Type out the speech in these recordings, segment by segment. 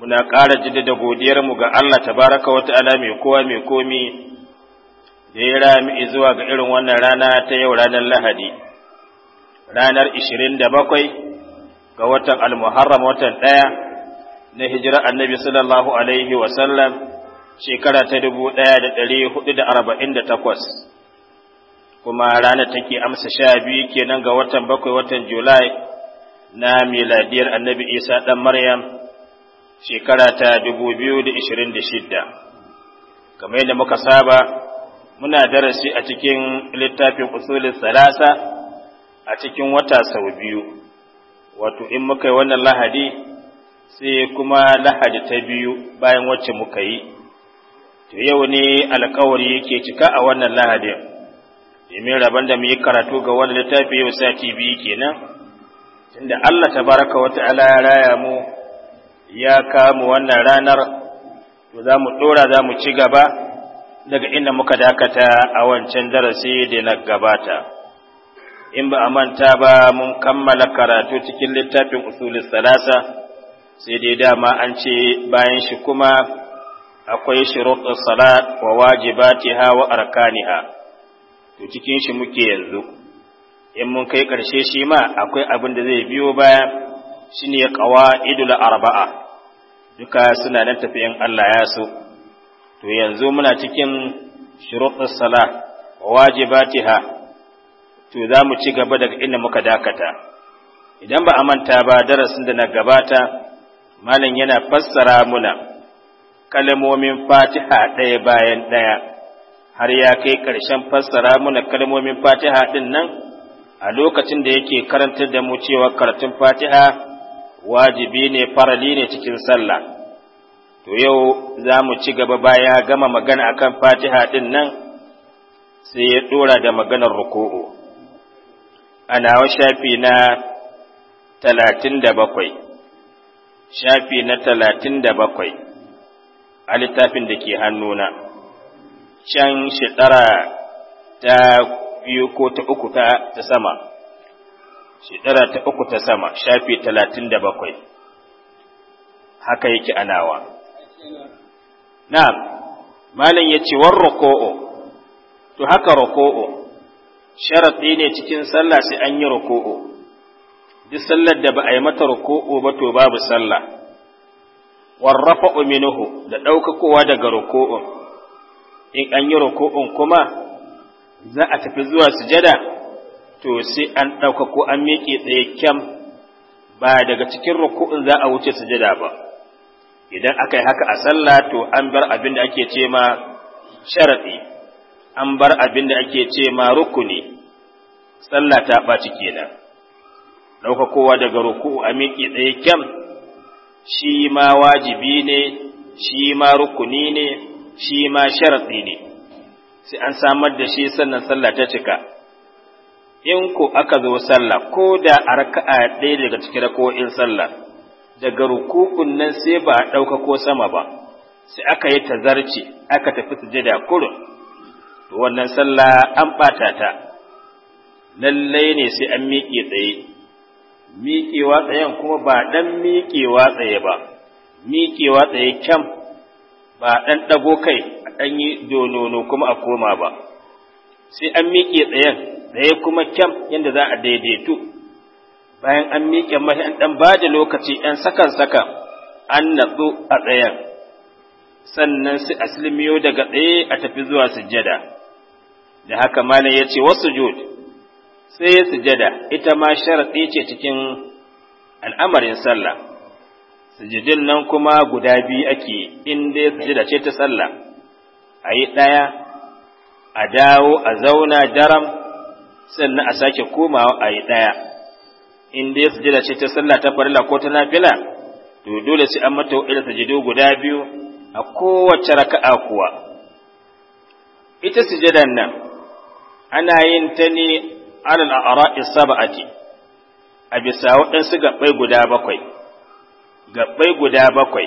muna ƙara jaddada godiyarmu ga Allah tabaraka wa ta'ala mai kowa mai komi da ya rami zuwa ga irin wannan rana ta yau ranar Lahadi ranar 27 ga watan Al-Muharram watan ɗaya na hijira Annabi sallallahu alaihi wa sallam shekara ta 1448 kuma ranar take amsa sha biyu kenan ga watan bakwai watan Julai na miladiyar Annabi Isa ɗan Maryam shekara ta 2026 kamar yadda muka saba muna darasi a cikin littafin usulin salasa a cikin wata sau biyu wato in muka yi wannan lahadi sai kuma lahadi ta biyu bayan wacce muka yi to yau ne alkawari yake cika a wannan lahadin domin rabon da mu yi karatu ga wani littafi yau sati biyu kenan tunda Allah Ta wata wata ya raya mu ya kamu wannan ranar to za mu ɗora za mu ci gaba daga inda muka dakata a wancan darasi da na gabata in ba a manta ba mun kammala karatu cikin littafin usulin salasa sai dai dama an ce bayan shi kuma akwai shuruɗin salat wa wajibatiha wa arkaniha to cikin shi muke yanzu in mun kai ƙarshe shi ma akwai abin da zai biyo baya shine qawaidul arba'a duka suna nan tafiyan Allah ya so to yanzu muna cikin shurutus salah wajibatiha to za mu ci gaba daga inda muka dakata idan ba a manta ba darasin da na gabata malam yana fassara muna kalmomin fatiha ɗaya bayan ɗaya har ya kai ƙarshen fassara muna kalmomin fatiha ɗin nan a lokacin da yake karantar da mu cewa karatun fatiha wajibi ne farali ne cikin sallah to yau za mu ci gaba baya gama magana akan fatiha ɗin nan sai ya ɗora da maganar ruku'u a nawa shafi na talatin da bakwai shafi na talatin da bakwai a littafin da ke hannuna can shekara ta biyu ko ta uku ta sama shekara ta uku ta sama shafi talatin da bakwai haka yake anawa Na'am. malam ya ce war roko'o to haka roko'o sharaɗi ne cikin sallah sai an yi roko'o duk sallar da ba a yi mata roko'o ba to babu sallah warrafa uminuhu da ɗaukakowa daga roko'on in an yi roko'on kuma za a tafi zuwa sujada to sai an ɗauka ko an miƙe tsaye kyam ba daga cikin ruku'un za a wuce sujada ba idan aka yi haka a sallah to an bar abin da ake ce ma sharaɗi an bar abin da ake ce ma rukuni sallah ta ɓaci kenan ɗaukakowa daga ruku'u a miƙe tsaye kyam shi ma wajibi ne shi ma rukuni ne shi ma sharaɗi ne sai an samar da shi sannan sallah ta cika in ku aka zo sallah ko da a raka'a ɗaya daga cikin rako'in sallah daga rukukun nan sai ba a ɗauka ko sama ba sai aka yi tazarci aka tafi sujada kurun to wannan sallah an ɓata ta lallai ne sai an miƙe tsaye miƙewa tsayen kuma ba ɗan miƙewa tsaye ba miƙewa tsaye kyam ba ɗan ɗago kai a ɗan yi donono kuma a koma ba sai an miƙe tsayen tsaye kuma kyam yadda za a daidaito. bayan an miƙe mahi an ɗan ba da lokaci ‘yan sakan sakan an natsu a tsayen sannan su aslimiyo daga tsaye a tafi zuwa sujjada da haka malam ya ce wasu jud sai sujjada ita ma sharaɗi ce cikin al'amarin sallah sujjadin nan kuma guda biyu ake in dai sujjada ce ta sallah a yi ɗaya a dawo a zauna daram sannan a sake komawa a yi ɗaya in dai sujada ce ta sallah ta farila ko ta nafila to dole sai an mata wa'ila sujudu guda biyu a kowace raka'a kuwa ita sujadan nan ana yin ta ne alal a'ra'i sab'ati a bisa waɗansu gaɓɓai guda bakwai gaɓɓai guda bakwai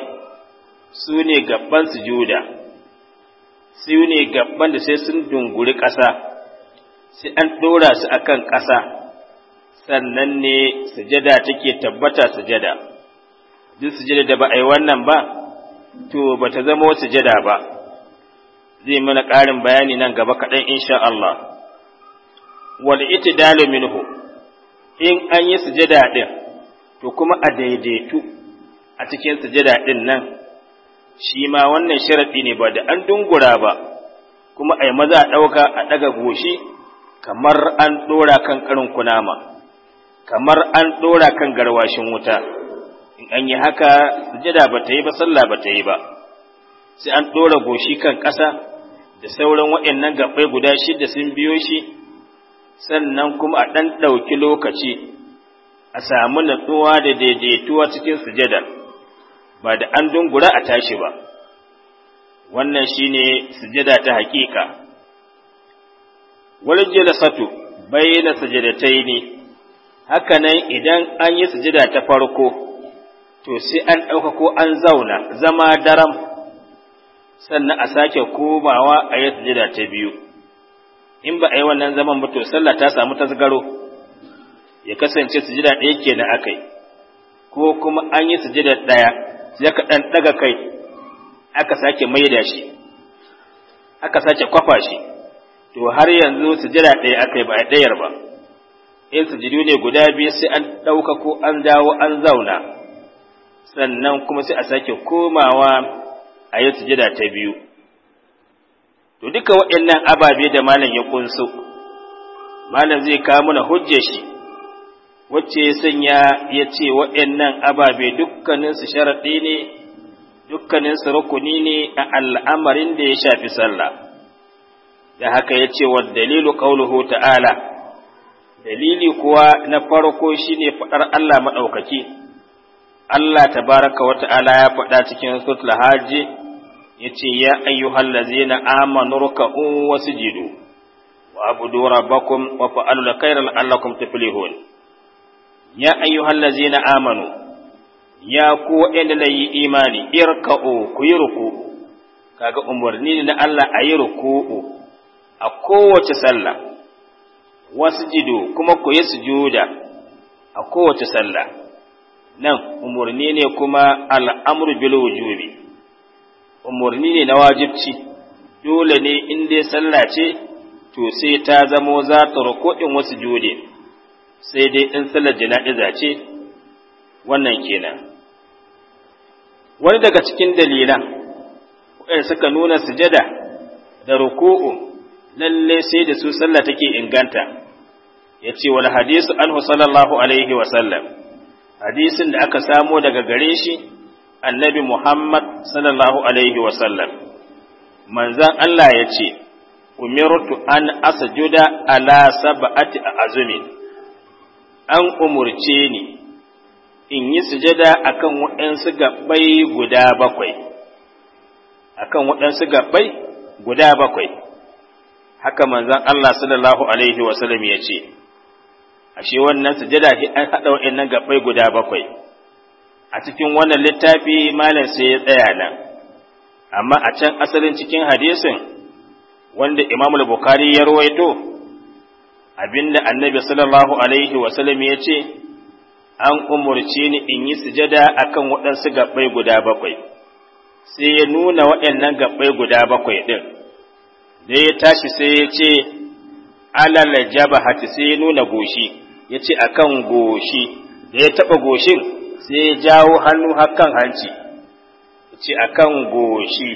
su ne gaɓɓan sujuda su ne gaban da sai sun dunguri ƙasa sai an ɗora su a kan ƙasa sannan ne sujada take tabbata sujada duk sujada da ba a yi wannan ba to ba ta zama sujada ba zai mana ƙarin bayani nan gaba kaɗan insha Allah wal itidalu minhu in an yi sujada ɗin to kuma a daidaitu a cikin sujada ɗin nan shi ma wannan sharafi ne ba da an dungura ba kuma ai maza a ɗauka a ɗaga goshi kamar an ɗora kan ƙarin kunama kamar an ɗora kan garwashin wuta in an yi haka sujada ba ta yi ba sallah ba ta yi ba sai an ɗora goshi kan ƙasa da sauran waɗannan gaɓai guda shida sun biyo shi sannan kuma a ɗan ɗauki lokaci a samu natsuwa da daidaituwa cikin sujada. ba da an dungura a tashi ba wannan shine sujada ta haƙiƙa wal ta bayna ne haka nan idan an yi sujada ta farko to sai an ɗauka ko an zauna zama daram sannan a sake komawa a yi sujada ta biyu in ba a yi wannan zaman ba to sallah ta samu tasgaro ya kasance sujada ɗaya kenan akai ko kuma an yi sujada ɗaya sai ka dan ɗaga kai aka sake maida shi aka sake kwafa shi to har yanzu sujada ɗaya akai ba a ɗayar ba in sujudu ne guda biyu sai an ɗauka ko an dawo an zauna sannan kuma sai a sake komawa a yi sujada ta biyu to duka waɗannan ababe da malam ya kunsu malam zai kawo mana hujjar shi wacce ya sanya ya ce waɗannan ababe dukkaninsu sharaɗi ne dukkaninsu rukuni ne a al'amarin da ya shafi sallah da haka ya ce wa dalilu ƙauluhu ta'ala dalili kuwa na farko ne faɗar Allah maɗaukaki Allah ta baraka wa ta'ala ya faɗa cikin sutla haji, ya ce ya ayyuhal na amanu ruka'u wasu jidu wa abu dora rabbakum wa fa'alul khairan allakum tuflihun ya ayyuhal ladzina amanu ya ku waɗanda da yi imani irka'u ku yi ruku'u kaga umarni ne na Allah a yi ruku'u a kowace sallah wasjudu kuma ku yi sujuda a kowace sallah nan umarni ne kuma al'amru bil wujubi umarni ne na wajibci dole ne in dai sallah ce to sai ta zamo za ta ruku'in wasu jude sai dai in sallar jana'iza ce wannan kenan wani daga cikin dalilan waɗanda suka nuna sujada da ruku'u lalle sai da su sallah take inganta yace ce wani hadisu anhu sallallahu alaihi wa sallam. hadisin da aka samo daga gare shi annabi muhammad sallallahu alaihi wa sallam. manzan Allah yace ce umirtu an asjuda ala sab'ati a azumin an umurce ni in yi sujada akan waɗansu gabbai guda bakwai akan waɗansu gabbai guda bakwai haka manzon Allah sallallahu alaihi wasallam ya ce ashe wannan sujada shi an haɗa waɗannan gabbai guda bakwai a cikin wannan littafi malam sai ya tsaya nan amma a can asalin cikin hadisin wanda Imam Bukhari ya ruwaito abinda annabi sallallahu alaihi wasallam ya ce an umurce ni in yi sujada akan waɗansu gabbai guda bakwai sai ya nuna waɗannan gabbai guda bakwai ɗin da ya tashi sai ya ce alal jabahati sai ya nuna goshi ya ce akan goshi da ya taɓa goshin sai ya jawo hannu hakan hanci ya ce akan goshi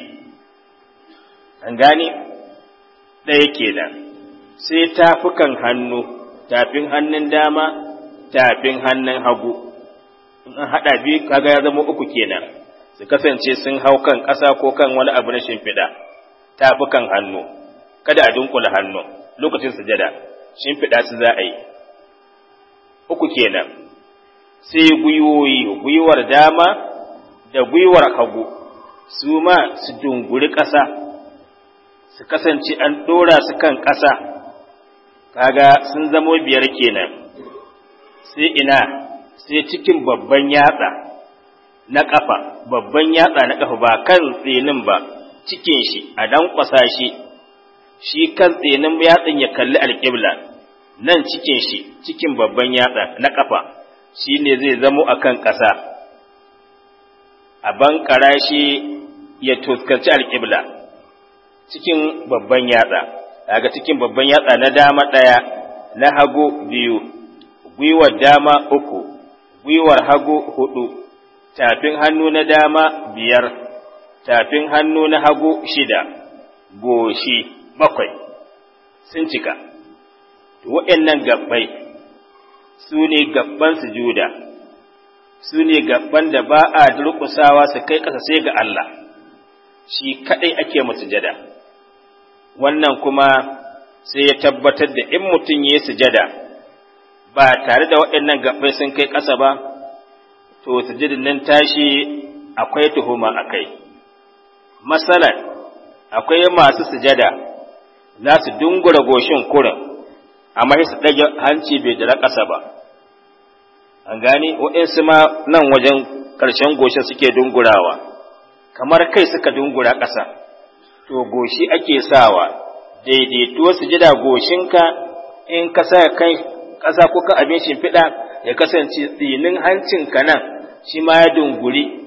an gane ɗaya kenan sai tafukan hannu tafin hannun dama tafin hannun hagu in an haɗa biyu kaga ya zama uku kenan su kasance sun hau kan ƙasa ko kan wani abu na shimfiɗa tafukan hannu kada a dunkula hannu lokacin sujada shimfiɗa su za a yi uku kenan sai gwiwoyi gwiwar dama da gwiwar hagu su ma su dunguri ƙasa su kasance an ɗora su kan ƙasa kaga sun zamo biyar kenan sai ina sai cikin babban yatsa na ƙafa babban yatsa na ƙafa ba kan tsenin ba cikin shi a danƙwasa shi shi kan tsenin yatsin ya kalli alƙibla nan cikin shi cikin babban yatsa na ƙafa shi ne zai zamo a kan ƙasa a bankara shi ya tuskanci alƙibla cikin babban yatsa daga cikin babban yatsa na dama ɗaya na hagu biyu gwiwar dama uku gwiwar hagu hudu tafin hannu na dama biyar tafin hannu na hagu shida goshi bakwai sun cika waɗannan gabbai su ne gabban sujuda su ne gabban da ba a durƙusawa su kai ƙasa sai ga Allah shi kaɗai ake musujada jada wannan kuma sai ya tabbatar da in mutum ya yi sujada ba tare da waɗannan gaɓai sun kai ƙasa ba to sujadin nan tashi akwai tuhuma a kai masalan akwai masu sujada za su dungura goshin kurin amma su ɗage hanci bai da ƙasa ba an gane waɗansu ma nan wajen ƙarshen goshin suke dungurawa kamar kai suka dungura ƙasa to goshi ake sawa daidaituwar sujada goshinka in ka sa kai ƙasa ko kan abin shimfiɗa ya kasance tsinin hancinka nan shi ma ya dunguri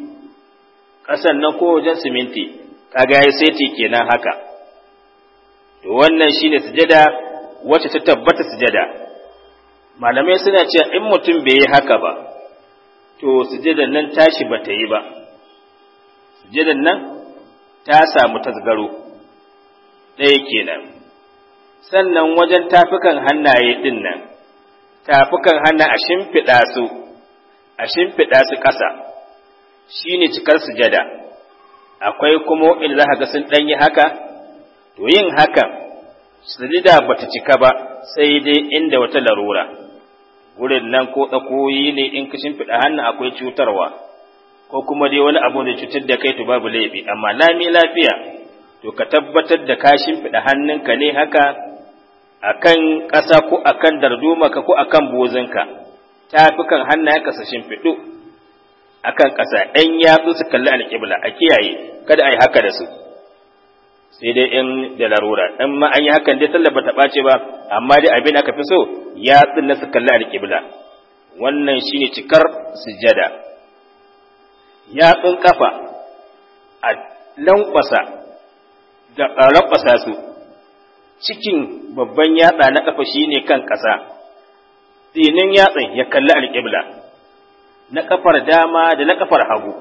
ƙasan nan ko wajen siminti kaga ya saiti kenan haka to wannan shine sujada wacce ta tabbata sujada malamai suna cewa in mutum bai yi haka ba to sujadan nan tashi ba ta yi ba sujadan nan ta samu tasgaro ɗaya kenan sannan wajen tafukan hannaye ɗin nan tafukan hannu a shimfiɗa su a shimfiɗa su ƙasa shi ne cikar sujada akwai kuma in za a ga sun ɗanyi haka to yin hakan sujada ba ta cika ba sai dai inda wata larura wurin nan ko tsakoyi ne in ka shimfiɗa hannu akwai cutarwa ko kuma dai wani abu da cutar da kai to babu laifi amma lami lafiya to ka tabbatar da ka shimfiɗa hannunka ne haka akan ƙasa ko akan dardumaka ko akan bozinka tafukan hannayenka su shimfiɗu akan ƙasa ɗan yatsu su kalli alƙibla a kiyaye kada a yi haka da su sai dai in da larura in ma an yi hakan dai tallaba ba ta ɓace ba amma dai abin aka fi so ya tsinna su kalli alƙibla wannan shine cikar sujada. yatsun kafa a lankwasa da lankwasa su cikin babban yatsa na kafa ne kan ƙasa tsinin yatsan ya kalli alƙibla na kafar dama da na ƙafar hagu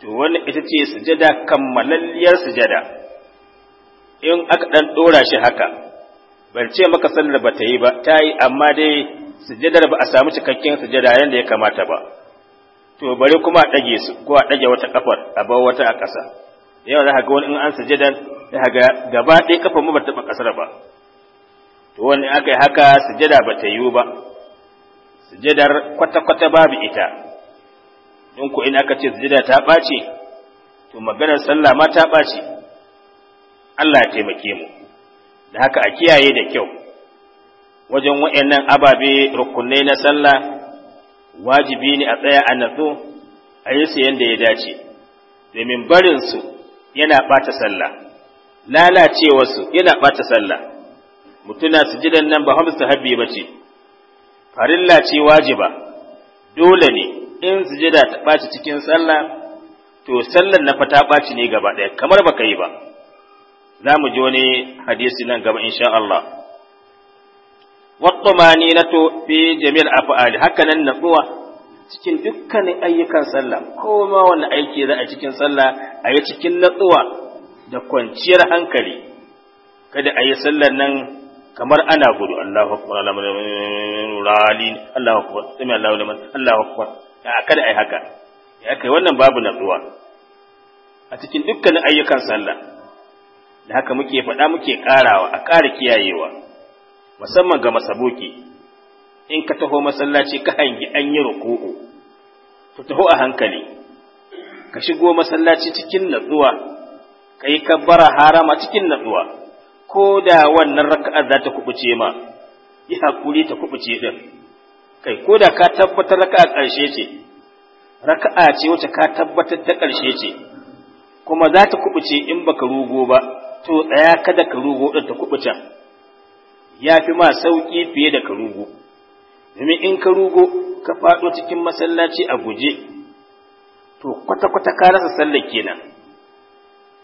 to wani ita ce sujada kammalalliyar sujada in aka ɗan ɗora shi haka ban ce maka sallar ba ta yi ba ta yi amma dai sujadar ba a samu cikakken sujada yadda ya kamata ba to bari kuma a ɗage su ko a ɗage wata ƙafar a bar wata a ƙasa Yau za ka ga wani in an sujada ya ga gaba ɗaya ƙafar mu ba ta ƙasar ba to wani aka yi haka sujada ba ta yiwu ba sujadar kwata-kwata babu ita in ku in aka ce sujada ta ɓace to maganar sallah ma ta ɓace Allah ya taimake mu da haka a kiyaye da kyau wajen wa'annan ababe rukunai na sallah wajibi ne a tsaya a natsu a yi su yadda ya dace domin barinsu yana ɓata sallah lalacewarsu yana ɓata sallah mutuna sujudan nan ba hamsu habbi ba ce farilla ce wajiba dole ne in su sujada ta ɓaci cikin sallah to sallar na fata ɓaci ne gaba ɗaya kamar baka yi ba za mu ji wani hadisi nan gaba insha Allah والطمانينة في جميع الأفعال هكذا النقوة cikin dukkanin ayyukan sallah ko ma wani aiki za a cikin sallah a yi cikin natsuwa da kwanciyar hankali kada a yi sallar nan kamar ana gudu Allahu akbar ralin Allahu akbar sami Allahu liman Allahu akbar kada a yi haka ya kai wannan babu natsuwa a cikin dukkanin ayyukan sallah da haka muke faɗa muke ƙarawa a ƙara kiyayewa musamman ga masaboki in ka taho masallaci ka hangi an yi ruku'u to taho a hankali ka shigo masallaci cikin natsuwa ka yi kabbara harama cikin natsuwa ko da wannan raka'a za ta kubuce ma yi hakuri ta kubuce din kai ko da ka tabbatar raka'a ƙarshe ce raka'a ce wacce ka tabbatar ta ƙarshe ce kuma za ta kubuce in baka rugo ba to tsaya kada ka rugo din ta kubuce ya fi ma sauƙi fiye da karugo domin in karugo ka faɗo cikin masallaci a guje to kwata-kwata ka rasa sallar kenan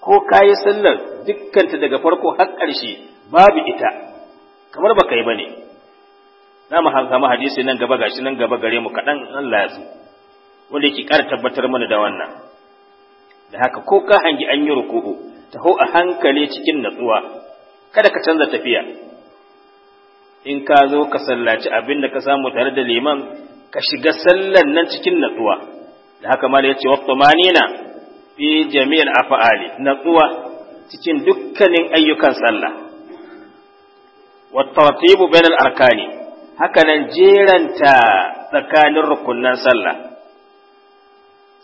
ko ka yi sallar dukkanta daga farko har ƙarshe babu ita kamar ba yi ba ne na mu hankama hadisi nan gaba gashi nan gaba gare mu kaɗan Allah ya so wanda yake ƙara tabbatar mana da wannan da haka ko ka hangi an yi ruku'u taho a hankali cikin natsuwa kada ka canza tafiya in ka zo ka sallaci abin da ka samu tare da liman ka shiga sallan nan cikin natsuwa da haka mala yace waqtumanina fi jami'il af'ali natsuwa cikin dukkanin ayyukan sallah wa tartibu bainal arkani haka nan jeranta tsakanin rukunnan sallah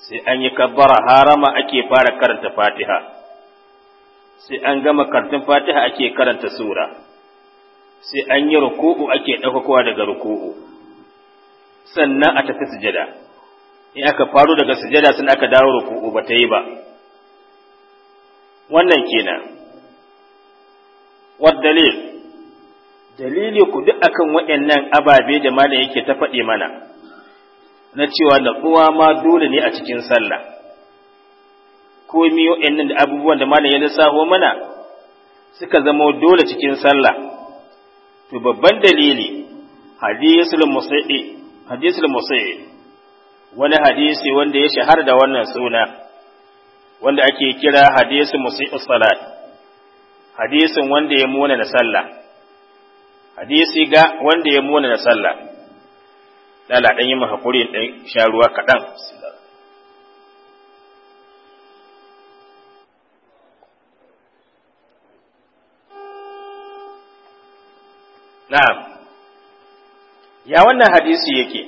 sai an yi kabbara harama ake fara karanta fatiha sai an gama karatun fatiha ake karanta sura sai an yi ruku'u ake ɗaukakowa daga ruku'u sannan a tafi sujada in aka faro daga sujada sun aka dawo ruku'u ba ta yi ba wannan kenan wa dalil dalili ku duk akan waɗannan ababe da malam yake ta faɗi mana na cewa uwa ma dole ne a cikin sallah komi waɗannan da abubuwan da malam ya lissafo mana suka zama dole cikin sallah to babban dalili hadisul musai wani hadisi wanda ya shahara da wannan suna wanda ake kira hadisul musai salat hadisin wanda ya muna na sallah hadisi ga wanda ya muna na sallah lala dan yi mu hakuri dan sha ruwa kadan Na'am. Ya wannan hadisi yake,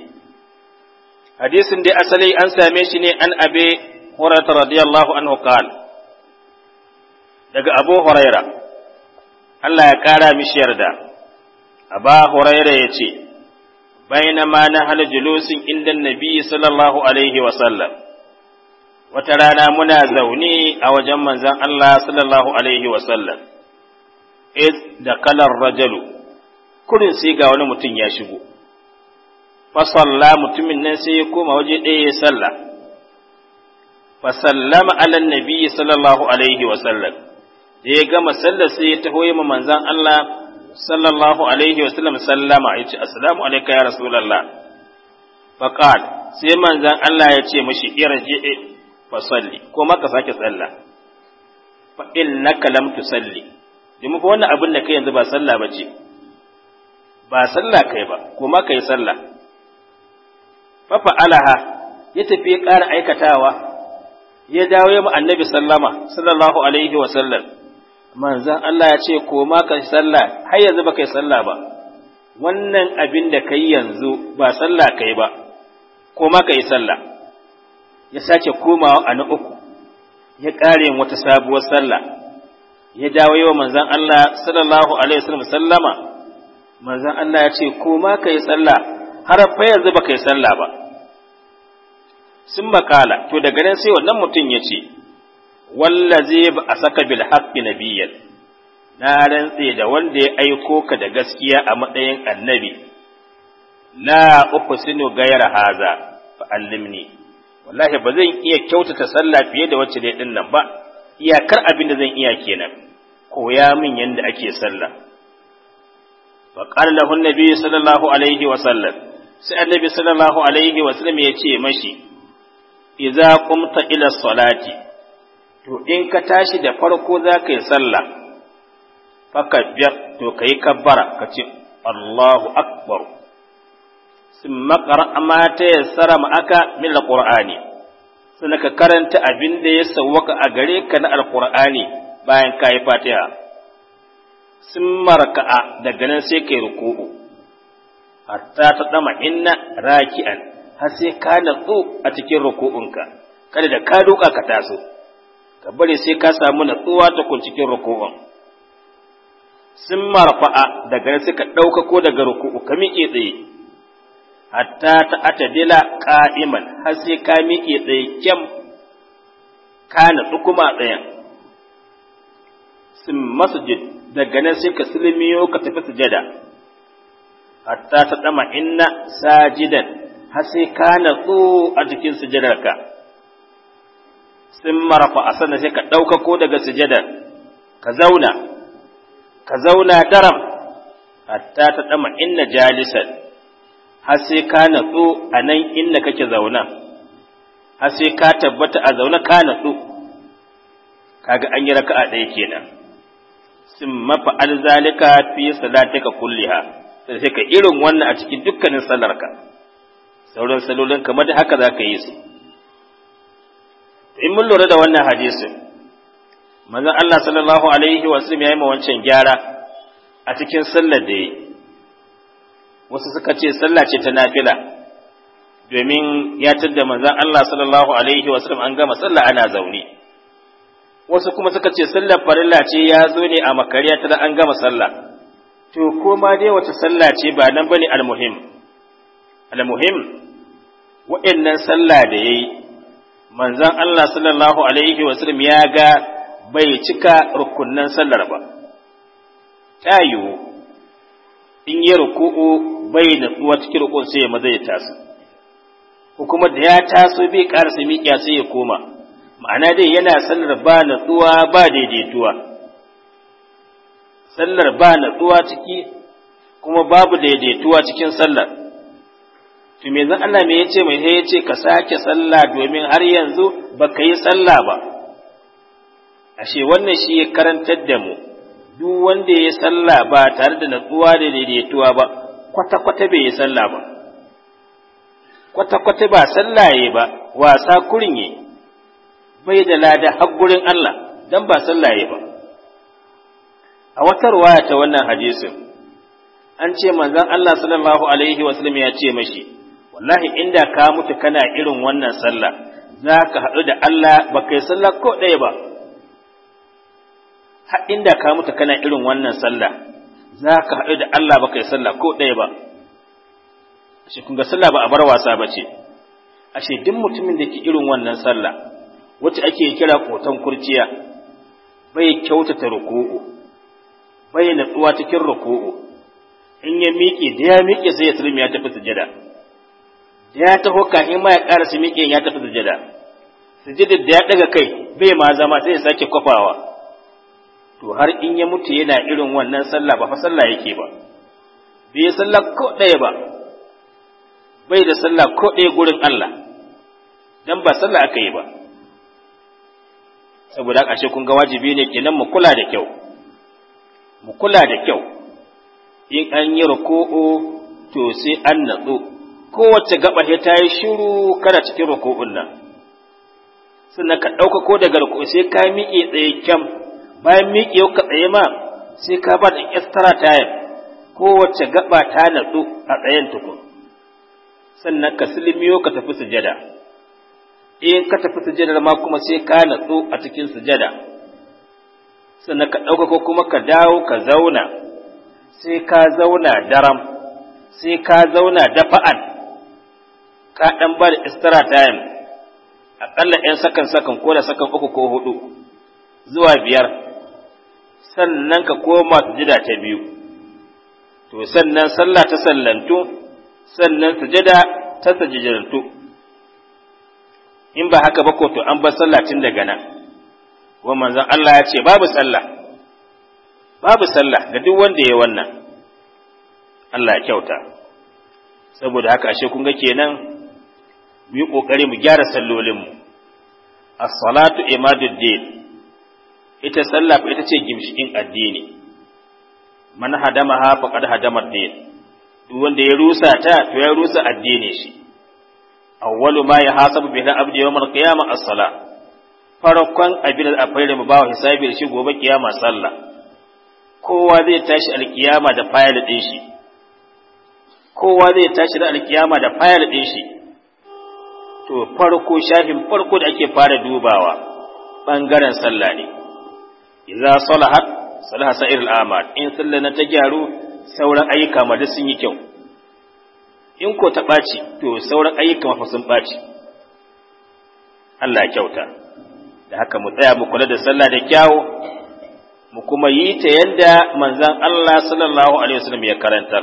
hadisin da asali an same shi ne an abe Hurairah radiyallahu anhu qal daga Abu Huraira, Allah ya ƙara mishi yarda, Aba Huraira ya ce, ma na hana julusin inda Nabi sallallahu Alaihi wasallam, wata rana muna zaune a wajen manzan Allah sallallahu Alaihi wasallam, iz da kalar rajalu. kurin sai ga wani mutum ya shigo fasalla mutumin nan sai ya koma waje ɗaya ya salla. fasallama ala nabiyyi sallallahu alaihi wa sallam da ya gama sallar sai ya taho ma manzan Allah sallallahu alaihi wa sallam sallama ya ce assalamu alaika ya rasulullah faqal sai manzan Allah ya ce mishi irji fa salli ko maka sake salla fa innaka lam tusalli domin ko wannan abin da kai yanzu ba salla bace ba sallah kai ba kuma kai sallah alaha ya tafi ya ƙara aikatawa ya dawo ya annabi sallama sallallahu alaihi wa sallam Allah ya ce ma ka sallah har yanzu ba kai sallah ba wannan abin da kai yanzu ba sallah kai ba ko ka yi sallah ya sake komawa a na uku ya ƙare wata sabuwar sallah ya dawo yawa manzan Allah sallallahu alaihi wasallam sallama manzan Allah ya ce ko ma ka yi sallah har fa yanzu ba ka yi sallah ba sun makala to daga nan sai wannan mutum ya ce wallazi ba a saka bil haqqi nabiyyan na rantse da wanda ya aiko ka da gaskiya a matsayin annabi la uqsinu ghayra haza fa allimni wallahi ba zan iya kyautata sallah fiye da wacce dai din nan ba iyakar abin da zan iya kenan koya min yanda ake sallah fa qala lahu annabi sallallahu alaihi wa sallam ya ce mashi idza qumta ila salati to in ka tashi da farko za ka yi sallah fakabbir to kai kabbara ka ce Allahu akbar summa qara'a ma tayassara ma'aka min alqur'ani sai ka karanta abin da ya sawwaka a gare ka na alqur'ani bayan ka yi fatiha sun marka'a daga nan sai kai ruku'u hatta ta dama inna raki'an har sai ka natsu a cikin ruku'unka kada da ka duka ka taso ka bari sai ka samu natsuwa ta kun cikin ruku'un sun marfa'a daga nan suka ɗauka ko daga ruku'u ka miƙe tsaye hatta ta atadila qa'iman har sai ka miƙe tsaye kyam ka natsu kuma tsayen sun masjid daga nan sai ka silmiyo ka tafi sujada hatta ta dama inna sajidan har sai ka natsu a jikin sujadarka sun marafa a sannan sai ka ɗaukako daga sujadar ka zauna ka zauna daram hatta ta dama inna jalisan har sai ka natsu a nan inda kake zauna har sai ka tabbata a zaune ka natsu kaga an yi raka'a ɗaya kenan summa mafa alzalika fi salatika kulliha sai ka irin wannan a cikin dukkanin salarka sauran salolin kamar da haka za ka yi su in mun lura da wannan hadisin manzon Allah sallallahu alaihi wasallam ya yi wancan gyara a cikin sallar da yi wasu suka ce sallah ce ta nafila domin ya tadda manzon Allah sallallahu alaihi wasallam an gama sallah ana zaune wasu kuma suka ce sallar farilla ce ya zo ne a makariya ta an gama sallah to ko ma dai wata sallah ce ba nan bane almuhim almuhim wa'annan sallah da yayi manzon Allah sallallahu alaihi sallam ya ga bai cika rukunnan sallar ba ta in yi ruku'u bai da kuwa cikin rukun sai ya maza ya taso ko da ya taso bai karasa miƙa sai ya koma ma'ana dai yana sallar ba natsuwa ba daidaituwa sallar ba natsuwa ciki kuma babu daidaituwa cikin sallar to me zan Allah me yace mai sai yace ka sake sallah domin har yanzu baka yi sallah ba ashe wannan shi ya karantar da mu duk wanda ya yi sallah ba tare da natsuwa da daidaituwa ba kwata-kwata bai yi sallah ba kwata-kwata ba sallah ba wasa kurin yi bai da lada har gurin Allah dan ba sallah ba a wata ruwaya ta wannan hadisin an ce manzon Allah sallallahu alaihi wasallam ya ce mashi wallahi inda ka mutu kana irin wannan sallah za ka haɗu da Allah ba kai sallah ko ɗaya ba har inda ka mutu kana irin wannan sallah za ka haɗu da Allah ba kai sallah ko ɗaya ba shi kun ga sallah ba a bar wasa ba ce ashe duk mutumin da ke irin wannan sallah wacce ake kira Kotan kurciya bai kyautata ruku'u bai natsuwa cikin ruku'u in ya miƙe da ya miƙe sai ya sulmi ya tafi sujada da ya taho in ma ya ƙara su miƙe ya tafi sujada sujada da ya ɗaga kai bai ma zama sai ya sake kwafawa to har in ya mutu yana irin wannan sallah ba fa sallah yake ba bai yi sallah ko ɗaya ba bai da sallah ko ɗaya gurin Allah dan ba sallah aka yi ba saboda ƙashe kun ga wajibi ne kenan mu kula da kyau mu kula da kyau in an yi ruku'u to sai an natsu kowace gaba sai ta yi shiru kada cikin ruku'un nan sannan ka ɗauka ko daga ruku'u sai ka miƙe tsaye kyam bayan miƙe ka tsaye ma sai ka ba da extra time kowace gaba ta natsu a tsayen tukun sannan ka silmiyo ka tafi sujada in ka tafi sujadar ma kuma sai ka natsu a cikin sujada sannan ka ɗauka ko kuma ka dawo ka zauna sai ka zauna daram sai ka zauna dafa'an ka ɗan ba da istara time aƙalla ‘yan sakan sakan ko da sakan uku ko hudu zuwa biyar sannan ka koma sujada ta biyu to sannan sallah ta sallantu sannan sujada ta sajidantu in ba haka ba ko to an bar sallah tun daga nan wa manzon Allah ya ce babu sallah babu sallah ga duk wanda ya wannan Allah ya kyauta saboda haka ashe kun ga kenan mu yi kokari mu gyara sallolinmu as-salatu imaduddin ita sallah ita ce gimshikin addini man ha faqad hadama din duk wanda ya rusa ta to ya rusa addini shi awwalu ma yahasabu bihi al-abdu yawm al-qiyamah as-salah farkon abin da afai mu bawa hisabi da shi gobe kiyama sallah kowa zai tashi alkiyama da fayil din shi kowa zai tashi da alkiyama da fayil din shi to farko shafin farko da ake fara dubawa bangaren sallah ne idza salahat salaha sa'ir al-amal in sallar na ta gyaru sauran ayyuka ma sun yi kyau in ko ta ɓaci to sauran ayyuka mafi sun ɓaci Allah ya kyauta da haka mu tsaya mu kula da sallah da kyawu mu kuma yi ta yadda manzon Allah sallallahu alaihi wasallam ya karantar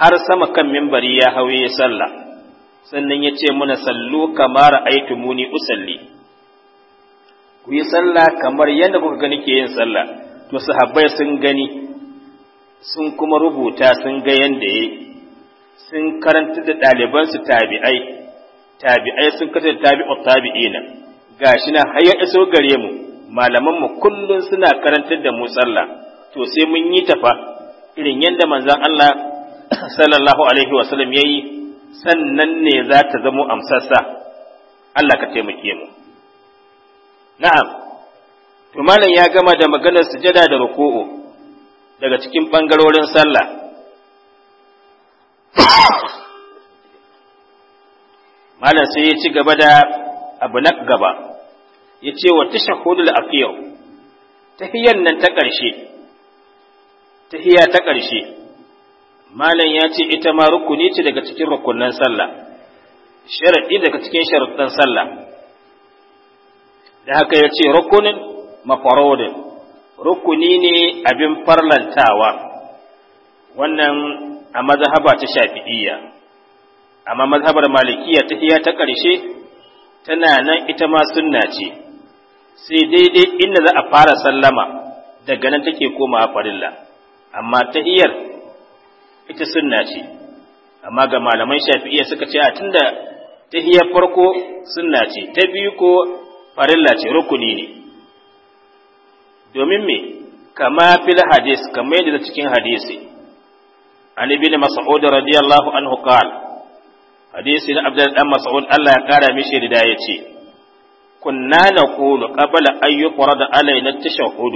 har sama kan mimbari ya hau ya sallah sannan ya ce muna sallu kamar muni usalli ku yi sallah kamar yadda kuka gani ke yin sallah to sahabbai sun gani sun kuma rubuta sun ga yadda yayi sun karanta da ɗalibansu tabi'ai tabi'ai sun karanta da tabi'ut tabi'ina gashi na har ya iso gare mu malaman mu kullun suna karantar da mu sallah to sai mun yi tafa irin yadda manzon Allah sallallahu alaihi wa sallam yayi sannan ne za ta zamo amsassa Allah ka taimake mu na'am to malam ya gama da maganar sujada da ruku'u daga cikin ɓangarorin sallah malam sai ya ci gaba da abu na gaba ya ce wa tashahudul aqiyaw tahiyyar nan ta ƙarshe tahiyya ta ƙarshe malam ya ce ita ma rukuni ce daga cikin rukunan sallah sharadi daga cikin sharuɗan sallah da haka ya ce rukunin mafarodin rukuni ne abin farlantawa wannan a mazhaba ta shafi'iyya amma mazhabar malikiyya ta iya ta ƙarshe tana nan ita ma sunna ce sai daidai inda za a fara sallama daga nan take a farilla amma ta iyar ita sunna ce amma ga malaman shafi'iyya suka ce a tunda ta iya farko sunna ce ta biyu ko farilla ce rukuni ne domin me kama fil hadis kamar yadda cikin hadisi عن ابن مسعود رضي الله عنه قال حديث عبد الله بن مسعود الله يقال مشي ردايتي كنا نقول قبل أن يفرض علينا التشهد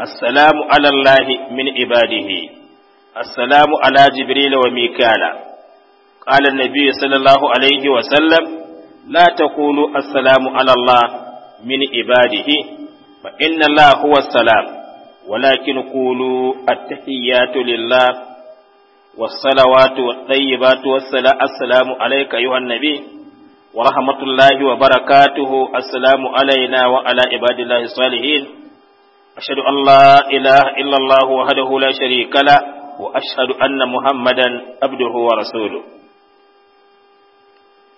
السلام على الله من عباده السلام على جبريل وميكال قال النبي صلى الله عليه وسلم لا تقولوا السلام على الله من عباده فإن الله هو السلام ولكن قولوا التحيات لله والصلوات والطيبات والسلام السلام عليك أيها النبي ورحمة الله وبركاته السلام علينا وعلى عباد الله الصالحين أشهد أن لا إله إلا الله وحده لا شريك له وأشهد أن محمدا عبده ورسوله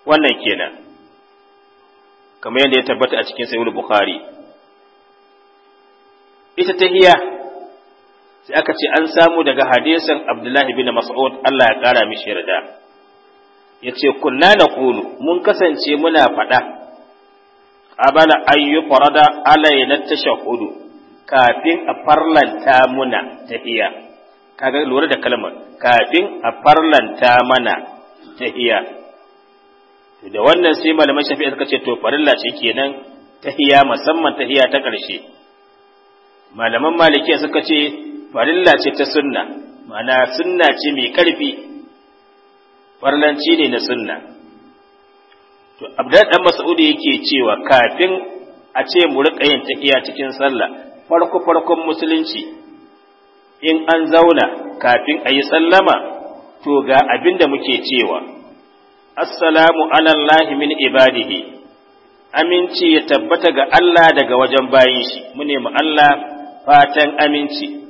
wannan kenan kamar yadda ya tabbata a cikin sayyid bukhari ita tahiya sai aka ce an samu daga hadisin Abdullahi bin Mas'ud Allah ya kara mishi yarda yace kunna na naqulu mun kasance muna faɗa abala an yuqrada na tashahudu kafin a farlanta muna tahiya kaga lura da kalmar kafin a farlanta mana tahiya da wannan sai malaman shafi'a suka ce to farilla ce kenan tahiya musamman tahiya ta ƙarshe malaman malikiya suka ce farilla ce ta sunna ma'ana sunna ce mai karfi farlanci ne na sunna to abdan dan mas'udi yake cewa kafin a ce mu riƙa yin tafiya cikin sallah farko farkon musulunci in an zauna kafin a yi sallama to ga abinda muke cewa assalamu alallahi min ibadihi aminci ya tabbata ga Allah daga wajen bayan shi mu mu Allah fatan aminci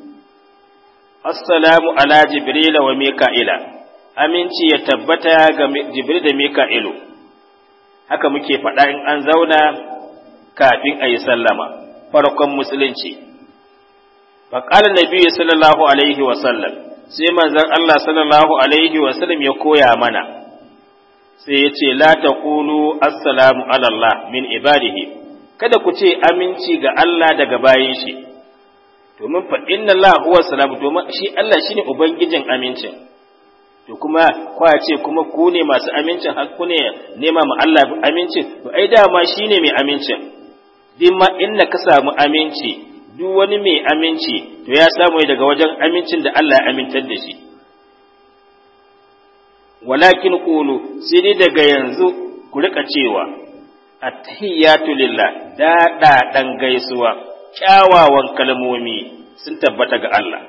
assalamu ala jibrila wa mika'ila aminci ya tabbata ga jibril da mika'ilu haka muke faɗa in an zauna kafin a yi sallama farkon musulunci faƙalar nabi sallallahu alaihi sallam sai manzon Allah sallallahu alaihi sallam ya koya mana sai ya ce la taqulu assalamu ala Allah min ibadihi kada ku ce aminci ga Allah daga bayan shi domin fa inna Allah huwa salamu domin shi Allah shine ubangijin amincin to kuma kwa ce kuma ku ne masu amincin har ku ne nema mu Allah amincin to ai dama shine mai amincin din ma inna ka samu aminci duk wani mai aminci to ya samu daga wajen amincin da Allah ya amintar da shi walakin qulu sai dai daga yanzu ku rika cewa attahiyatu lillah da da dan gaisuwa kyawawan kalmomi sun tabbata ga Allah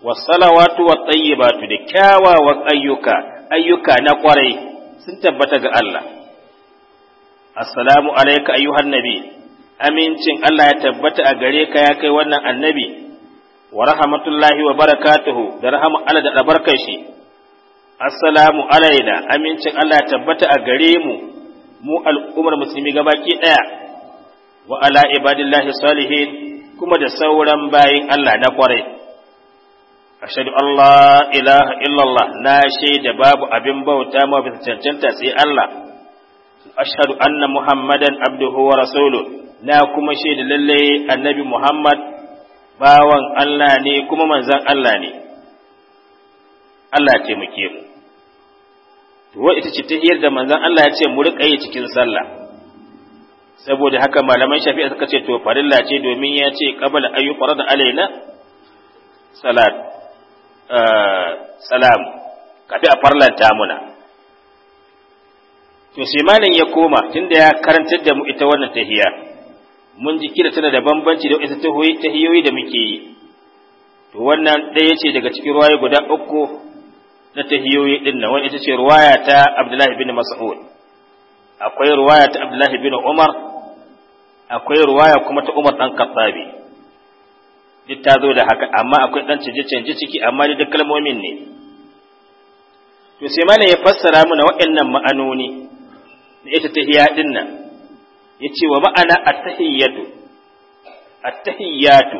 wasalawatu wa tayyibatu da kyawawan ayyuka ayyuka na kwarai sun tabbata ga Allah assalamu alayka ayyuhan nabi amincin Allah ya tabbata a gare ka ya kai wannan annabi wa rahmatullahi wa barakatuhu da rahama Allah da albarkar shi assalamu alaina amincin Allah ya tabbata a gare mu mu al'ummar musulmi gabaki ɗaya? wa ala ibadillahi salihin kuma da sauran bayin Allah na kwarai ashhadu Allah ilaha illallah na shaida babu abin bauta ma bisa cancanta sai Allah ashhadu anna muhammadan abduhu wa rasuluhu na kuma shaida lalle annabi muhammad bawan Allah ne kuma manzan Allah ne Allah taimake mu to ita ce tahiyar da manzan Allah ya ce mu riƙa yi cikin sallah saboda haka malaman shafi'a suka ce to farilla ce domin ya ce qabala ayu farada alaina salat eh, salam kafi a farlanta muna to sai malin ya koma tunda ya karanta da mu ita wannan tahiyya mun ji kira tana da bambanci da ita tahiyoyi da muke yi to wannan ɗaya ce daga cikin ruwaye guda uku na tahiyoyi din nan wani ita ce ruwaya ta Abdullahi bin Mas'ud akwai ruwaya ta Abdullahi bin Umar akwai ruwaya kuma ta Umar dan Kattabi duk ta zo da haka amma akwai dan canje canje ciki amma duk kalmomin ne to sai malam ya fassara mana waɗannan ma'anoni da ita tahiyya din nan yace wa ma'ana at-tahiyyatu at-tahiyyatu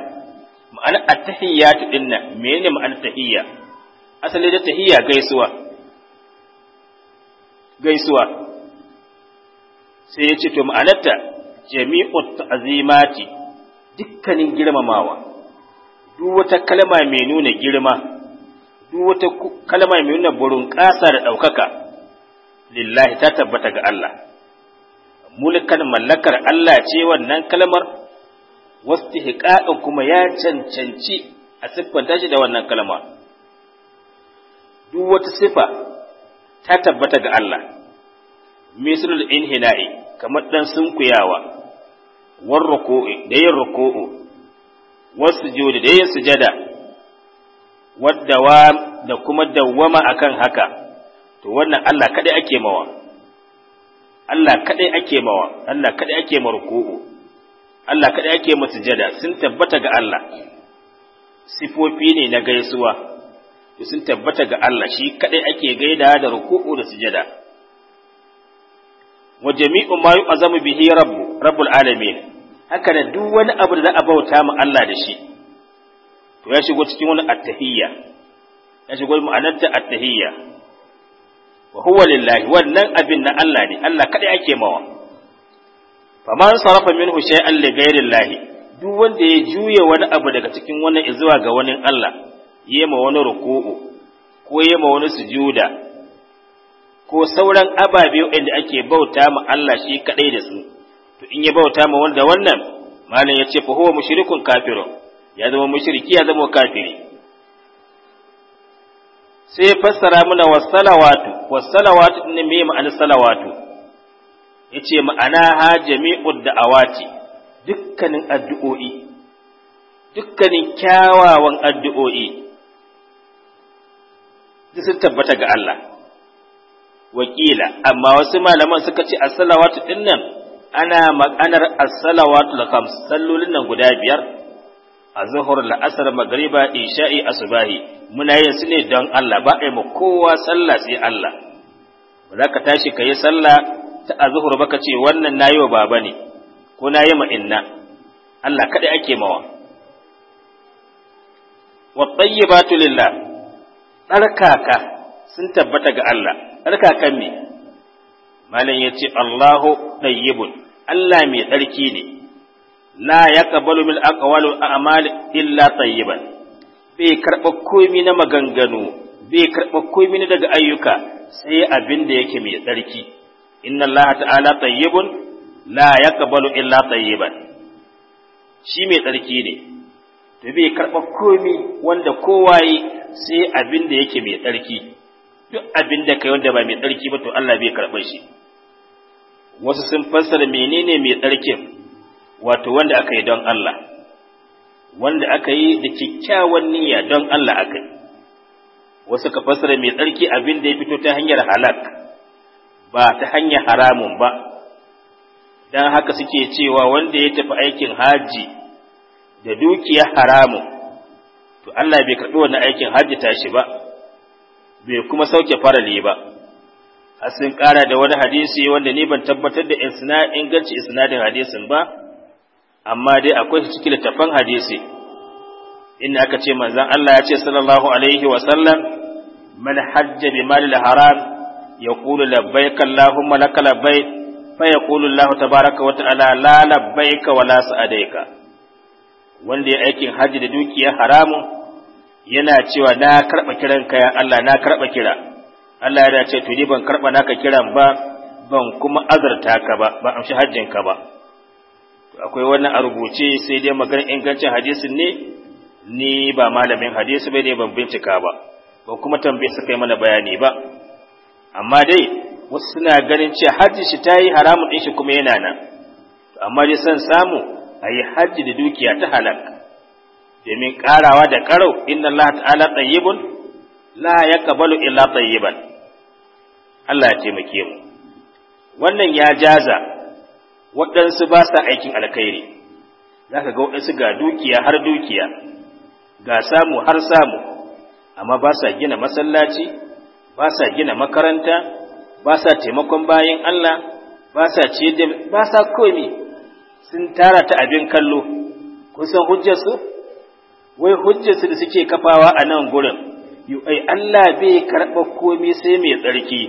ma'ana at-tahiyyatu din nan menene ma'ana tahiyya asali da tahiyya gaisuwa gaisuwa sai yace to ma'anarta jami'ut ta'zimati dukkanin girmamawa duk wata kalma mai nuna girma duk wata kalma mai nuna burin ƙasa da ɗaukaka lillahi ta tabbata ga Allah mulkan mallakar Allah ce wannan kalmar wastihqaqan kuma ya cancanci a siffanta shi da wannan kalma duk wata sifa ta tabbata ga Allah mislul inhina'i kamar dan sunkuyawa war ruku'i da yin ruku'u was sujudi da yin sujada waddawa da kuma dawwama akan haka to wannan Allah kadai ake mawa Allah kadai ake mawa Allah kadai ake ma ruku'u Allah kadai ake ma sujada sun tabbata ga Allah sifofi ne na gaisuwa sun tabbata ga Allah shi kadai ake gaida da ruku'u da sujada wa jami'u ma yu'azamu bihi rabbu rabbul alamin haka da duk wani abu da za a bauta mu Allah da shi to ya shigo cikin wani attahiyya ya shigo ma'anarta attahiyya wa huwa lillahi wannan abin na Allah ne Allah kadai ake mawa faman sarafa minhu shay'an li ghairi llahi duk wanda ya juya wani abu daga cikin wannan zuwa ga wani Allah yema wani ruku'u ko yema wani sujuda ko sauran ababe waɗanda ake bauta ma Allah shi kaɗai da su to in ya bauta ma wanda wannan malam ya ce fa huwa mushrikun kafirun ya zama mushriki ya zama kafiri sai fassara muna wassalawatu wassalawatu din me ma'anar salawatu yace ma'ana ha jami'ud da'awati dukkanin addu'o'i dukkanin kyawawan addu'o'i duk sun tabbata ga Allah wakila amma wasu malaman suka ce as-salawatu dinnan ana maganar as-salawatu al-khams sallolin nan guda biyar azhur al-asr maghriba isha'i asbahi muna yin su ne don Allah ba a mu kowa sallah sai Allah ba za ka tashi ka sallah ta azhur baka ce wannan nayi wa baba ne ko nayi ma inna Allah kada ake mawa wa tayyibatu lillah tsarkaka sun tabbata ga Allah kan me malam ya ce Allahu ɗayyibun Allah mai tsarki ne la ya kabalu mil aqwalu a'mal illa tayyiban bai karɓa komai na maganganu bai karɓa komai na daga ayyuka sai abin da yake mai tsarki inna Allah ta'ala tayyibun la yaqbalu illa tayyiban shi mai tsarki ne To bai karɓa komi wanda kowaye sai abin da yake mai tsarki duk abin da kai wanda ba mai tsarki ba to Allah bai karɓar shi wasu sun fassara menene mai tsarkin wato wanda aka yi don Allah wanda aka yi da kyakkyawan niyya don Allah aka yi wasu ka fassara mai tsarki abin da ya fito ta hanyar halak ba ta hanyar haramun ba dan haka suke cewa wanda ya tafi aikin haji da dukiya haramun to Allah bai karɓi wannan aikin hajji tashi ba bai kuma sauke farali ba a sun ƙara da wani hadisi wanda ni ban tabbatar da inganci isnadin hadisin ba amma dai akwai cikin littafan hadisi inda aka ce manzon Allah ya ce sallallahu alaihi wa sallam man hajja bi mali haram yaqulu labbaik allahumma laka labbaik fa yaqulu allah tabaaraka wa ta'ala la labbaik wa la sa'adaika wanda ya aikin hajji da dukiya haramun yana cewa na karɓa kiran kayan Allah na karɓa kira Allah ya ce to ni ban karɓa naka kiran ba ban kuma azarta ka ba ban amshi hajjin ka ba akwai wannan a rubuce sai dai maganar ingancin hadisin ne ni ba malamin hadisi bai ne ban bincika ba ba kuma tambaye su kai mana bayani ba amma dai wasu suna ganin cewa hajji shi ta yi haramun ɗin shi kuma yana nan amma dai son samu a yi hajji da dukiya ta halak domin karawa da karau inna Allah ta'ala tayyibun la yaqbalu illa tayyiban Allah ya taimake mu wannan ya jaza waɗansu ba sa aikin alkhairi zaka ga waɗansu ga dukiya har dukiya ga samu har samu amma ba sa gina masallaci ba sa gina makaranta ba sa taimakon bayan Allah ba sa ciyar da ba sa komi sun tara ta abin kallo kun san hujjar su wai hujjarsu da suke kafawa a nan gurin ai Allah bai karɓa komai sai mai tsarki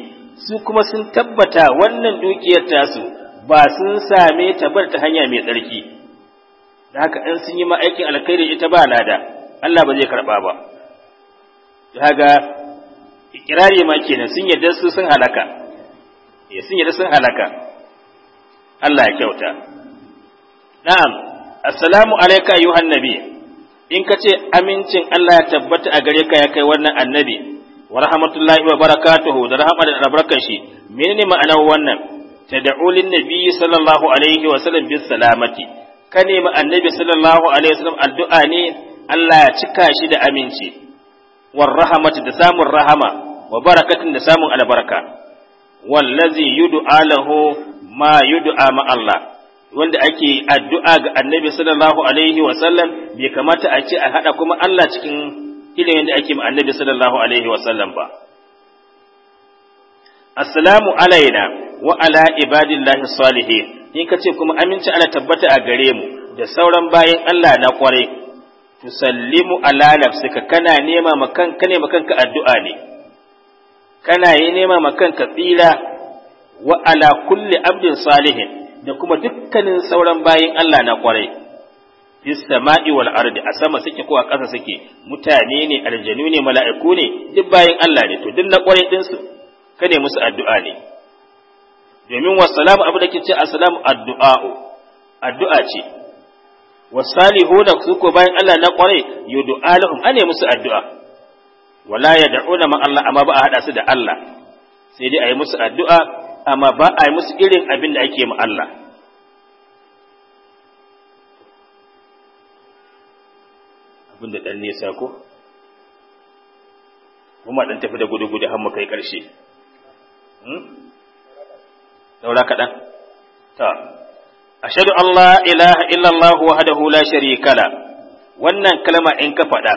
su kuma sun tabbata wannan dukiyar tasu ba sun same ta bar ta hanya mai tsarki da haka in sun yi ma aikin alkhairi ita ba lada Allah ba zai karɓa ba daga ikirari ma kenan sun yarda su sun halaka ya eh, sun yarda sun halaka Allah ya kyauta na'am assalamu alayka ayyuhan nabiy in ka ce amincin Allah ya tabbata a gare ka ya kai wannan annabi wa rahmatullahi wa barakatuhu da rahama da albarkar shi menene ma'anar wannan tad'u lin nabiyyi sallallahu alaihi wa sallam bis salamati ka nemi annabi sallallahu alaihi wa sallam addu'a ne Allah ya cika shi da aminci war rahamati da samun rahama wa barakatin da samun albarka wallazi yud'a lahu ma yud'a ma Allah wanda ake addu'a ga annabi sallallahu alaihi wasallam bai kamata a ce a haɗa kuma Allah cikin ilimin da ake ma annabi sallallahu alaihi wasallam ba. Assalamu alaina wa ala ibadillahi salihin in ka kuma aminci ana tabbata a gare mu da sauran bayan Allah na kwarai tusallimu ala nafsika kana nema makan ka ne makanka addu'a ne kana yi nema ka tsira wa ala kulli abdin salihin da kuma dukkanin sauran bayin Allah na kwarai fi sama'i wal ardi a sama suke ko a ƙasa suke mutane ne aljanu ne mala'iku ne duk bayin Allah ne to duk na kwarai din su kane musu addu'a ne domin wassalamu abu da ke ce assalamu addu'a addu'a ce wasalihuna su ko bayan Allah na kwarai yud'a lahum ane musu addu'a wala yad'una ma Allah amma ba a hada su da Allah sai dai a yi musu addu'a amma ba a yi musu irin abin da ake ma Allah abin da ɗan nesa ko kuma ɗan tafi da gudu-gudu har kai ƙarshe hmm? daura kaɗan ta ashadu Allah ilaha illallah wahdahu la sharika la wannan kalma in ka faɗa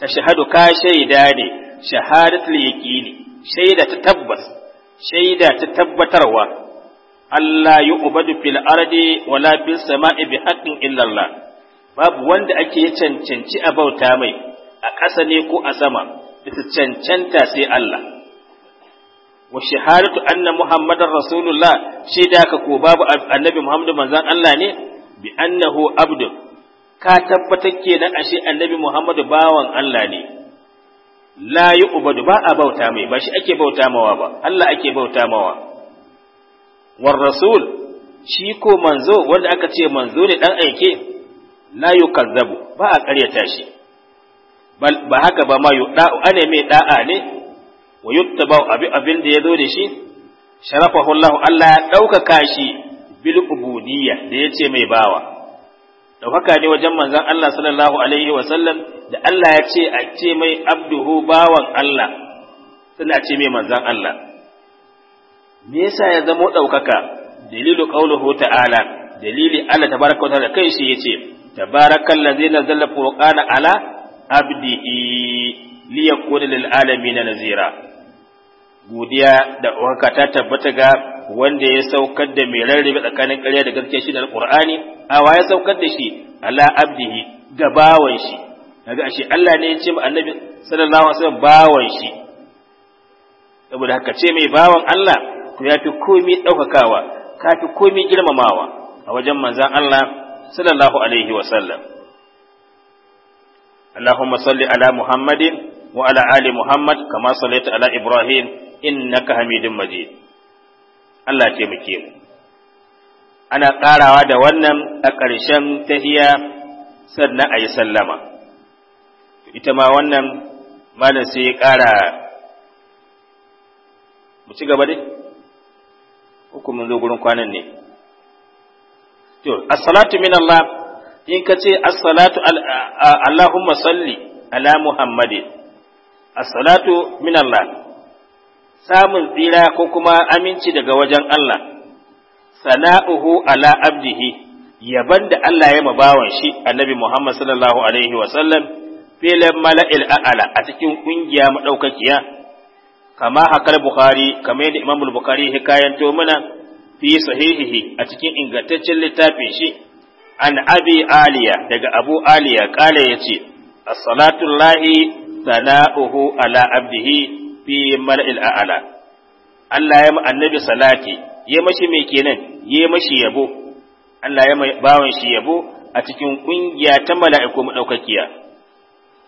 ta shahadu ka shaida ne shahadatul yaqini shaida ta tabbas shaida ta tabbatarwa Allah yi ubadu fil ardi wala fil sama'i bi haqqin illallah babu wanda ake ya cancanci a bauta mai a ƙasa ne ko a sama bisa cancanta sai Allah wa shahadatu anna muhammadar rasulullah shaida ka ko babu annabi muhammadu manzon Allah ne bi annahu abdu ka tabbatar kenan ashe annabi muhammadu bawan Allah ne la yi ubadu ba a bauta mai ba shi ake bauta mawa ba Allah ake bauta mawa war rasul shi ko manzo wanda aka ce manzo ne dan aike la yukazzabu ba a karyata shi ba haka ba ma yuda'u ane mai da'a ne wa yuttabau abi abin da zo da shi sharafahu Allah Allah ya daukaka shi bil ubudiyya da ce mai bawa daukaka ne wajen manzon Allah sallallahu alaihi wa sallam da Allah ya ce a ce mai abduhu bawan Allah suna ce mai manzan Allah me yasa ya zamo ɗaukaka dalilu qauluhu ta'ala dalili Allah tabaraka ta'ala kai shi yace ladzi nazzala furqana ala abdihi liyakuna lil alamin nazira godiya da wanka ta tabbata ga wanda ya saukar da mai rarrabe tsakanin ƙarya da gaskiya shi da alƙur'ani a ya saukar da shi ala abdihi ga bawan shi kaga ashe Allah ne ya ce ma annabi sallallahu alaihi wasallam bawan shi saboda haka ce mai bawan Allah to yafi komai daukakawa kafi komai girmamawa a wajen manzon Allah sallallahu alaihi wasallam Allahumma salli ala Muhammadin wa ala ali Muhammad kama sallaita ala Ibrahim innaka Hamidum Majid Allah ce muke ana karawa da wannan a ƙarshen tahiya sannan ayi sallama ita ma wannan malam sai ya ƙara mu ci gaba dai hukumin zo gurin kwanan ne to as-salatu min Allah in ka ce as-salatu Allahumma salli ala Muhammadin as-salatu min Allah samun tsira ko kuma aminci daga wajen Allah sana'uhu ala abdihi yaban da Allah ya mabawan shi annabi Muhammad sallallahu alaihi wa sallam filin mala'il a'ala a cikin ƙungiya maɗaukakiya kama hakal bukhari kamar yadda imamul bukhari to mana fi sahihihi a cikin ingantaccen littafin shi an abi aliya daga abu aliya kala ya ce as lahi sana'uhu ala abdihi fi mala'il a'ala Allah ya annabi salati ya mashi mai kenan ya mashi yabo Allah ya bawon shi yabo a cikin ƙungiya ta mala'iku maɗaukakiya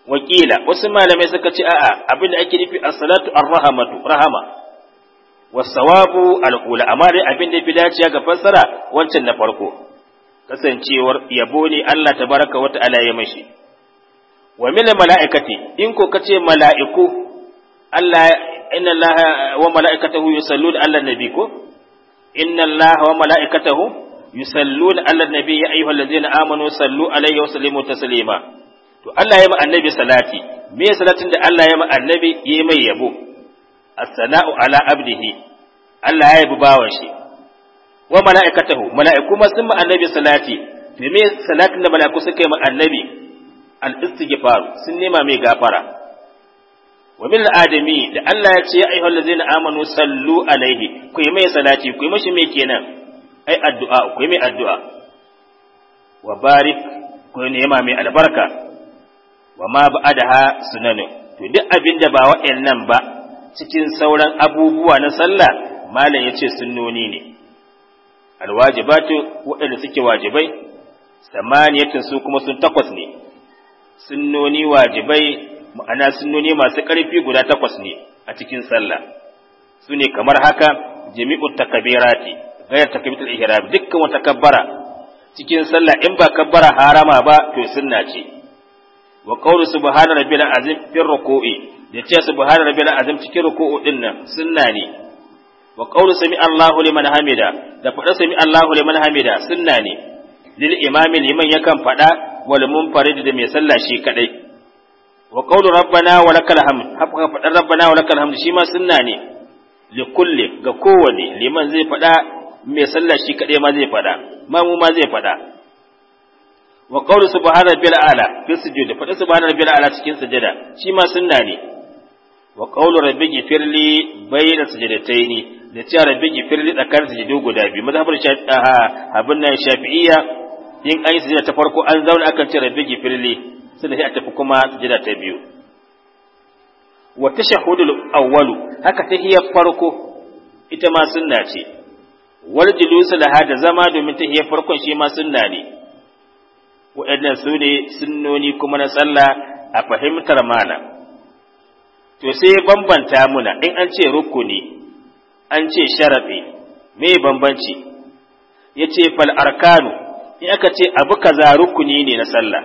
wakila wasu malamai suka ce a'a abin da ake nufi as-salatu ar-rahmatu rahama was-sawabu al-ula amma dai abin da fi dacewa ga fassara wancan na farko kasancewar yabo ne Allah tabaraka wa ta'ala ya mashi wa min malaikati in ko kace mala'iku Allah inna Allah wa mala'ikatahu yusalluna 'alan nabi ko inna Allah wa mala'ikatahu yusalluna 'alan nabi ya ayyuhallazina amanu sallu alayhi wa sallimu taslima to Allah ya ma annabi salati me salatin da Allah ya ma annabi yi mai yabo as-sala'u ala abdihi Allah ya yabi bawan shi wa mala'ikatahu mala'iku ma sun ma annabi salati to me salatin da mala'iku suka yi ma annabi al-istighfar sun nema mai gafara wa min al-adami da Allah ya ce ayyuhal ladzina amanu sallu alaihi ku yi mai salati ku yi mishi me kenan ai addu'a ku yi mai addu'a wa barik ku nema mai albarka wa ma ba'adaha sunanu to duk abin da ba wa'annan ba cikin sauran abubuwa na sallah malam ya ce sunnoni ne alwajibatu waɗanda suke wajibai samaniyatun su kuma sun takwas ne sunnoni wajibai ma'ana sunnoni masu ƙarfi guda takwas ne a cikin sallah su ne kamar haka jami'ut takabirati gayar takabiratul ihram dukkan wata kabbara cikin sallah in ba kabbara harama ba to sunna ce wa qawlu subhana rabbil azim fi ruku'i da ce subhana rabbil azim cikin ruku'u din nan sunna ne wa qawlu sami Allahu liman hamida da faɗa sami Allahu liman hamida sunna ne lil imami liman ya kan faɗa wal munfarid da mai sallah shi kadai wa qawlu rabbana wa lakal hamd haka faɗar rabbana wa lakal hamd shi ma sunna ne li kulli ga kowane liman zai faɗa mai sallah shi kadai ma zai faɗa mamu ma zai faɗa wa qawlu subhana rabbil ala fi sujud fa subhana rabbil ala cikin sujada shi ma sunna ne wa qawlu rabbi ghfirli bayna sujadataini da cewa rabbi ghfirli tsakar sujudu guda biyu mazhabar ah, ah, abin nan shafi'iyya in an sujada ta farko an zauna akan ce rabbi ghfirli sai da a tafi kuma sujada ta biyu wa tashahudul awwalu haka ta hiya farko ita ma sunna ce wal julusu laha da zama domin ta iya farkon shi ma sunna ne waɗannan su ne sunnoni kuma na sallah a fahimtar mana. to sai bambanta muna in an ce rukuni an ce sharaɗi me bambanci ya ce fal arkanu in aka ce abu kaza rukuni ne na sallah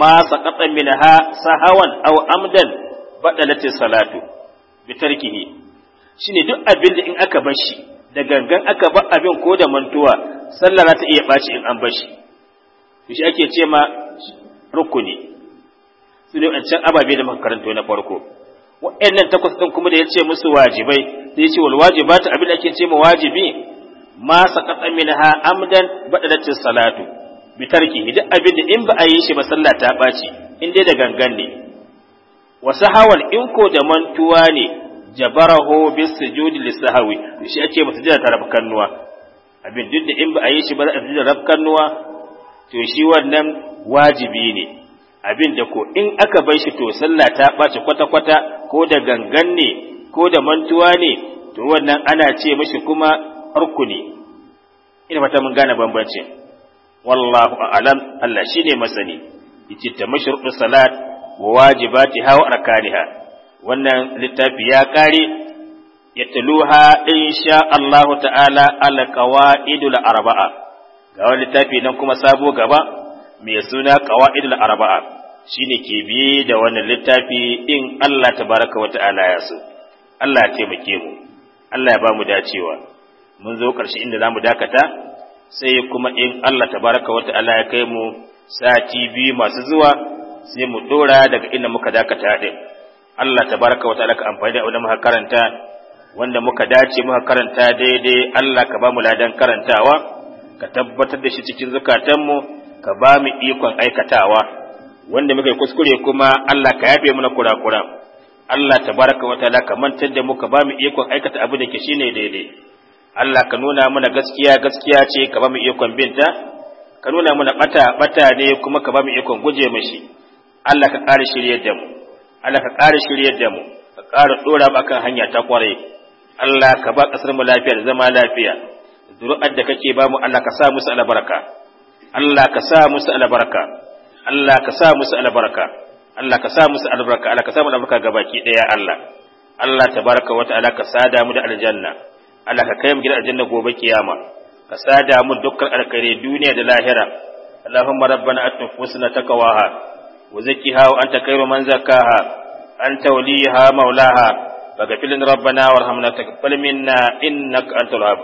ma saqata minha sahawan au amdan badalati salatu bi shi ne duk abin da in aka bashi? da gangan aka ba abin ko da mantuwa sallah za ta iya ɓaci in an bashi? shi ake ce ma rukuni su ne wancan ababe da muka na farko wa'annan takwas ɗin kuma da ya ce musu wajibai sai ce wal wajibatu abin da ake ce ma wajibi ma saqata minha amdan badalat salatu bi tarki duk abin da in ba a yi shi ba sallah ta baci in dai da gangan ne wa sahawal in ko da mantuwa ne jabarahu bis sujudi sahwi shi ake masa jira ta rabkannuwa abin duk da in ba a yi shi ba za a jira rabkannuwa to shi wannan wajibi ne abin da ko in aka bar shi to sallah ta ɓace kwata-kwata ko da gangan ne ko da mantuwa ne to wannan ana ce mashi kuma rukuni ne ina fata mun gane bambancin wallahu a'lam Allah shine masani yace ta mashrutu salat wa wajibatiha wa arkaniha wannan littafi ya kare yatluha insha Allah ta'ala al qawaidul arba'a ga wani littafi nan kuma sabo gaba mai suna qawaidul arba'a shine ke biye da wannan littafi in Allah tabaraka wa ta'ala ya so Allah ya taimake mu Allah ya ba mu dacewa mun zo ƙarshe inda zamu dakata sai kuma in Allah tabaraka wa ta'ala ya kai mu sati biyu masu zuwa sai mu dora daga inda muka dakata din Allah tabaraka wa ta'ala ka amfani da wannan muka karanta wanda muka dace muka karanta daidai Allah ka ba mu ladan karantawa ka tabbatar da shi cikin zukatanmu ka ba mu ikon aikatawa wanda muka yi kuskure kuma Allah ka yafe mana kurakura Allah tabaraka wa ta'ala ka mantar da mu ka ba mu ikon aikata abu da ke shine daidai Allah ka nuna mana gaskiya gaskiya ce ka ba mu ikon binta ka nuna mana bata bata ne kuma ka ba mu ikon guje mashi Allah ka ƙara shiryar da mu Allah ka ƙara shiryar da mu ka ƙara dora mu akan hanya ta kware Allah ka ba kasar mu lafiya da zama lafiya zuri'ar da kake ba mu Allah ka sa musu albarka Allah ka sa musu albarka Allah ka sa musu albarka Allah ka sa musu albarka Allah ka sa mu albarka gabaki daya Allah Allah tabaraka wa ta'ala ka sada mu da aljanna Allah ka kai mu gidan aljanna gobe kiyama ka sada mu dukkan alkhairi duniya da lahira Allahumma rabbana atina husna taqwaha wa zakkiha wa anta khairu man zakkaha anta waliha maulaha فاغفر لنا ربنا وارحمنا وتقبل منا انك انت الوهاب